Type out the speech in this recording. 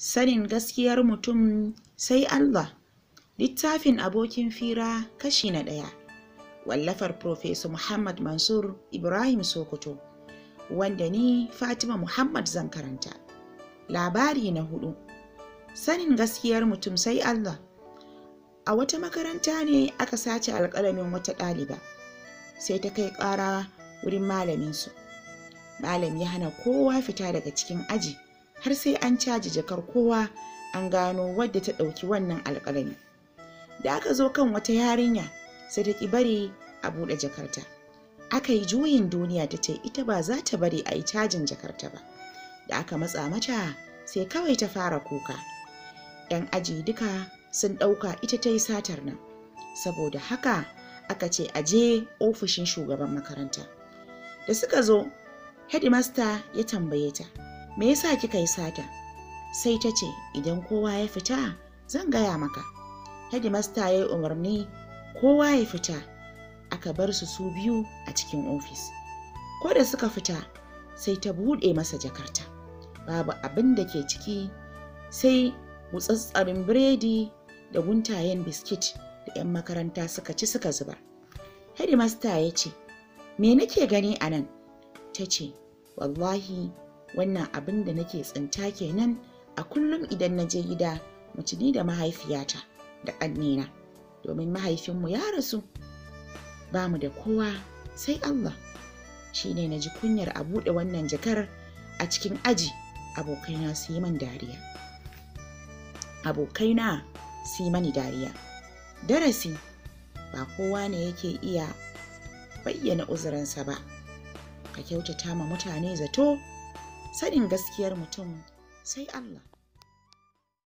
sanin gaskiyar mutum sai Allah. Littafin abokin fira kashi na ɗaya. Wallafar Profesa Muhammad Mansur Ibrahim Sokoto, wanda ni Fatima Muhammad zan karanta. Labari na hudu. Sanin gaskiyar mutum sai Allah. A wata makaranta ne aka sace alƙalamin wata ɗaliba, sai ta kai ƙara wurin malaminsu. Malam ya hana kowa fita daga cikin aji. har sai an caji jakar kowa an gano wadda ta ɗauki wannan alƙalami da aka zo kan wata yarinya sai ta ƙi bari a buɗe jakarta aka yi juyin duniya ta ce ita ba za ta bari a yi cajin jakarta ba da aka matsa mata sai kawai ta fara kuka 'yan aji duka sun ɗauka ita ta yi satar nan saboda haka aka ce a je ofishin shugaban makaranta da suka zo hedimasta ya tambaye ta me yasa kika yi sata sai ta ce idan kowa ya fita zan gaya maka hedimasta ya yi umarni kowa ya fita aka bar su su biyu a cikin ofis ko da suka fita sai ta buɗe masa jakarta babu abin da ke ciki sai wutsatsarin biredi da guntayen biskit da 'yan makaranta suka ci suka zuba hedimasta ya ce me nake gani a nan ta ce wallahi wannan abin da nake tsinta kenan a kullum idan na je gida ni da mahaifiyata da annina domin mahaifinmu ya rasu ba mu da kowa sai Allah shi ne na ji kunyar a buɗe wannan jakar a cikin aji abokaina su yi man dariya abokaina su mani dariya darasi ba kowa ne yake iya bayyana uzurinsa ba ka kyautata ma mutane zato Sanin gaskiyar mutum sai Allah.